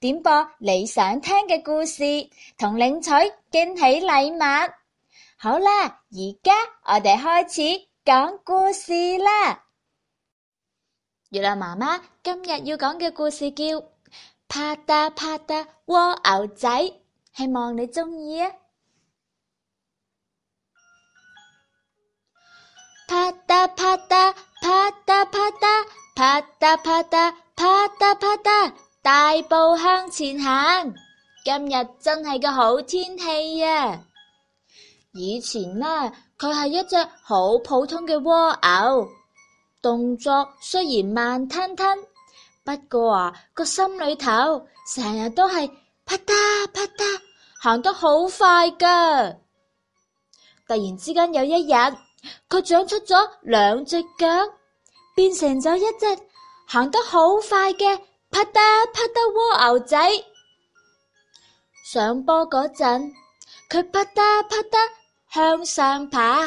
點播你想聽嘅故事，同領取驚喜禮物。好啦，而家我哋開始講故事啦。月亮媽媽今日要講嘅故事叫《啪嗒啪嗒蝸牛仔》，希望你中意啊！啪嗒啪嗒，啪嗒啪嗒，啪嗒啪嗒，啪嗒啪嗒。啪嗒啪嗒。大步向前行，今日真係個好天氣啊。以前呢，佢係一隻好普通嘅蝸牛，動作雖然慢吞吞，不過啊，個心裏頭成日都係啪嗒啪嗒行得好快㗎。突然之間有一日，佢長出咗兩隻腳，變成咗一隻行得好快嘅。啪嗒啪嗒蝸牛仔上坡嗰陣，佢啪嗒啪嗒向上爬；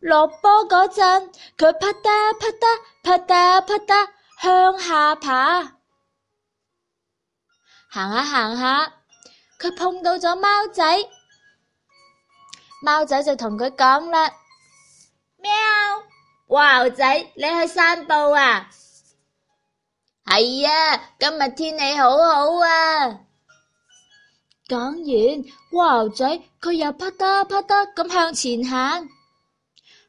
落坡嗰陣，佢啪嗒啪嗒啪嗒啪嗒向下爬。行下、啊、行下、啊，佢碰到咗貓仔，貓仔就同佢講啦：「喵，蝸牛仔，你去散步啊！係啊、哎，今日天，天氣好好啊！講完，蝸牛仔佢又啪嗒啪嗒咁向前行，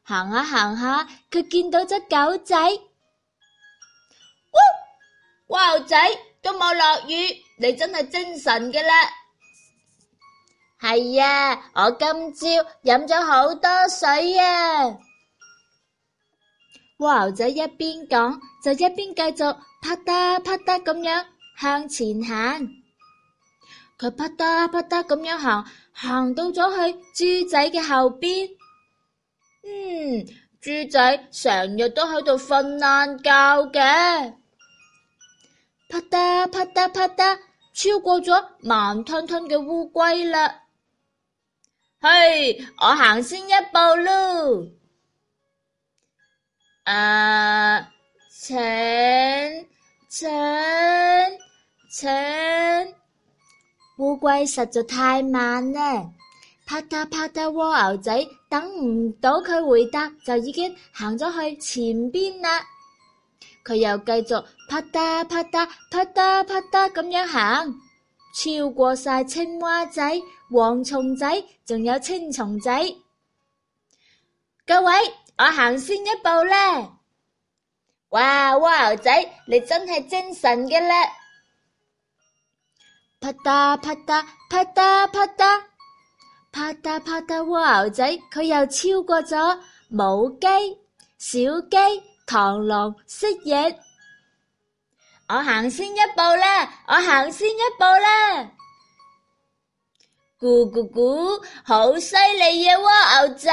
行下行下，佢見到隻狗仔。哇！蝸牛仔都冇落雨，你真係精神嘅啦。係啊、哎，我今朝飲咗好多水啊！蝸牛仔一邊講就一邊繼續啪嗒啪嗒咁樣向前行。佢啪嗒啪嗒咁樣行，行到咗去豬仔嘅後邊。嗯，豬仔成日都喺度瞓懶覺嘅。啪嗒啪嗒啪嗒，超過咗慢吞吞嘅烏龜啦。嘿，我行先一步咯。啊，請請請！烏龜實在太慢啦，啪嗒啪嗒蝸牛仔等唔到佢回答，就已經行咗去前邊啦。佢又繼續啪嗒啪嗒啪嗒啪嗒咁樣行，超過晒青蛙仔、蝗蟲仔，仲有青蟲仔。各位。我行先一步啦！哇，蝸牛仔，你真係精神嘅啦！啪嗒啪嗒啪嗒啪嗒啪嗒啪嗒蝸牛仔，佢又超過咗母雞、小雞、螳螂、蜥蜴。我行先一步啦！我行先一步啦！咕咕咕，好犀利嘅蝸牛仔！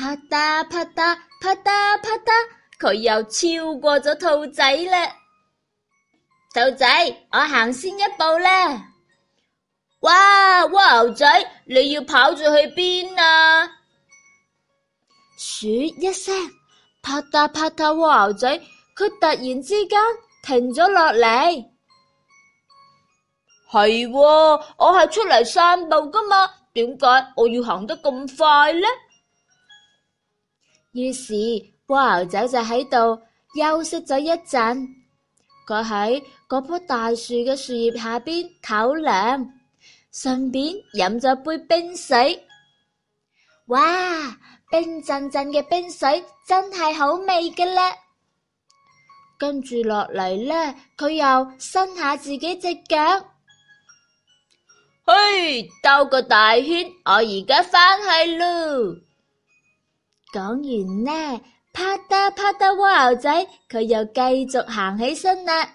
啪嗒啪嗒啪嗒啪嗒，佢又超過咗兔仔啦。兔仔，我行先一步咧。哇，蝸牛仔，你要跑住去邊啊？噓一聲，啪嗒啪嗒，蝸牛仔，佢突然之間停咗落嚟。係喎，我係出嚟散步噶嘛？點解我要行得咁快咧？於是蝸牛仔就喺度休息咗一陣，佢喺嗰棵大樹嘅樹葉下邊唞涼，順便飲咗杯冰水。哇，冰陣陣嘅冰水真係好味㗎呢！跟住落嚟呢，佢又伸下自己隻腳，嘿，兜個大圈。我而家返去咯。講完呢，啪嗒啪嗒蝸牛仔，佢又繼續行起身啦。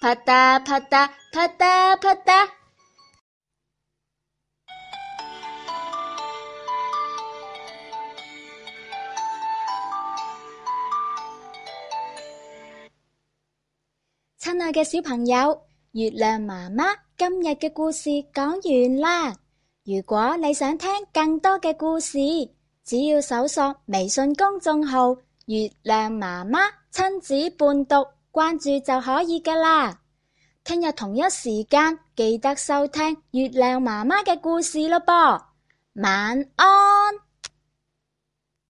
啪嗒啪嗒，啪嗒啪嗒。親愛嘅小朋友，月亮媽媽，今日嘅故事講完啦。如果你想聽更多嘅故事，只要搜索微信公眾號《月亮媽媽親子伴讀》，關注就可以㗎喇。聽日同一時間記得收聽月亮媽媽嘅故事咯，噃。晚安。